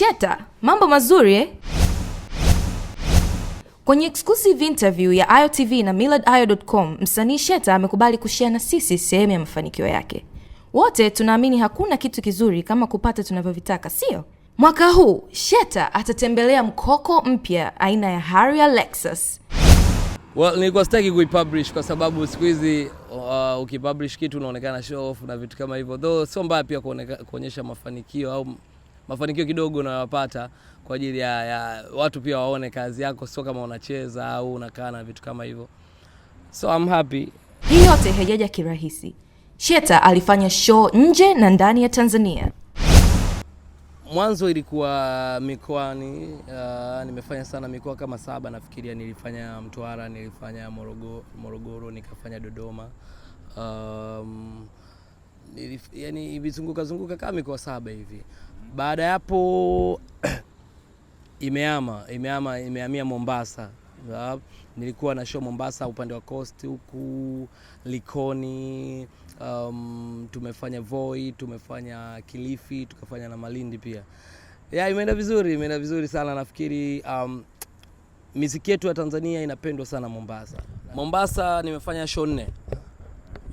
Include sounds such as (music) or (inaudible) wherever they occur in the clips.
Cheta, mambo mazuri eh? Kwenye exclusive interview ya IOTV na millardayo.com, msanii Cheta amekubali kushare na sisi sehemu ya mafanikio yake. Wote tunaamini hakuna kitu kizuri kama kupata tunavyovitaka, sio? Mwaka huu Cheta atatembelea mkoko mpya aina ya Harrier Lexus. Well, nilikuwa sitaki kuipublish kwa sababu siku hizi uh, ukipublish kitu unaonekana show off na vitu kama hivyo, though sio mbaya pia kuonyesha mafanikio au mafanikio kidogo unayopata kwa ajili ya, ya watu pia waone kazi yako, sio kama unacheza au unakaa na vitu kama hivyo, so I'm happy. Hii yote haijaja kirahisi. Sheta alifanya show nje na ndani ya Tanzania. Mwanzo ilikuwa mikoani. Uh, nimefanya sana mikoa kama saba nafikiria. Nilifanya Mtwara, nilifanya Morogoro, Morogoro nikafanya Dodoma. Um, nilif, yani, ilizunguka zunguka kama mikoa saba hivi. Baada ya hapo (clears throat) imeama imeama imehamia Mombasa. Nilikuwa na show Mombasa upande wa coast huku Likoni, um, tumefanya Voi, tumefanya Kilifi, tukafanya na Malindi pia. Yeah, imeenda vizuri, imeenda vizuri sana nafikiri um, miziki yetu ya Tanzania inapendwa sana Mombasa. Mombasa nimefanya show nne.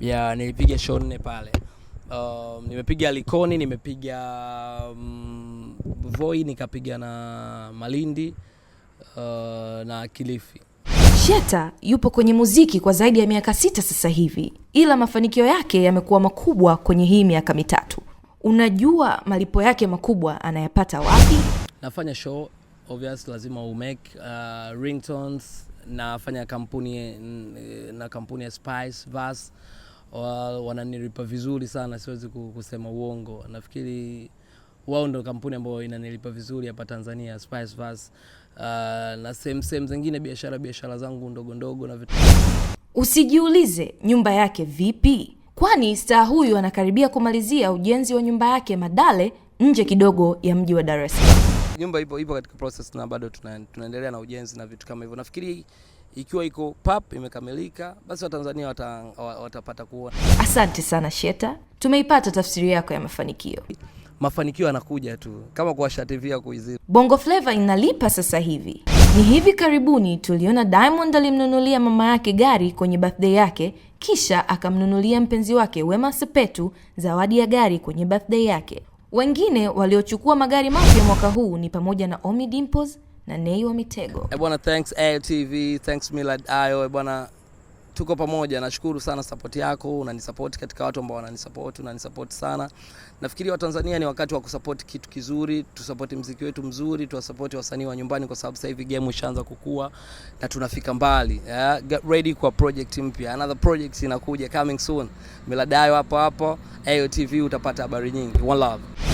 Yeah, nilipiga show nne pale um, nimepiga Likoni, nimepiga um, Voi, nikapiga na Malindi uh, na Kilifi. Sheta yupo kwenye muziki kwa zaidi ya miaka sita sasa hivi, ila mafanikio yake yamekuwa makubwa kwenye hii miaka mitatu. Unajua malipo yake makubwa anayapata wapi? Nafanya show obvious, lazima umake uh, ringtones. Nafanya kampuni na kampuni ya Spice vas wananilipa vizuri sana, siwezi kusema uongo. Nafikiri wao ndio kampuni ambayo inanilipa vizuri hapa Tanzania, Spiceverse uh, ah, na sehemu sehemu zingine, biashara biashara zangu ndogo ndogo na vitu. Usijiulize nyumba yake vipi, kwani staa huyu anakaribia kumalizia ujenzi wa nyumba yake Madale, nje kidogo ya mji wa Dar es Salaam. Nyumba ipo ipo katika process na bado tuna, tunaendelea na ujenzi na vitu kama hivyo. Nafikiri ikiwa iko pap imekamilika, basi watanzania wata, watapata kuona. Asante sana Sheta, tumeipata tafsiri yako ya mafanikio. Mafanikio yanakuja tu kama kuwasha TV ya kuizima. Bongo Flava inalipa sasa hivi. Ni hivi karibuni tuliona Diamond alimnunulia mama yake gari kwenye birthday yake, kisha akamnunulia mpenzi wake Wema Sepetu zawadi ya gari kwenye birthday yake. Wengine waliochukua magari mapya mwaka huu ni pamoja na Omi Dimples, na Nei wa Mitego. Eh, bwana, thanks AyoTV, thanks Millard Ayo eh, bwana, tuko pamoja. Nashukuru sana support yako, unanisupport katika watu ambao wananisupport, unanisupport sana. Nafikiri Watanzania ni wakati wa kusupport kitu kizuri, tusupport mziki wetu mzuri, tuwasupport wasanii wa nyumbani, kwa sababu sasa hivi game ishaanza kukua na tunafika mbali yeah. Get ready kwa project mpya, another project inakuja coming soon. Millard Ayo hapo hapo, AyoTV utapata habari nyingi. One love.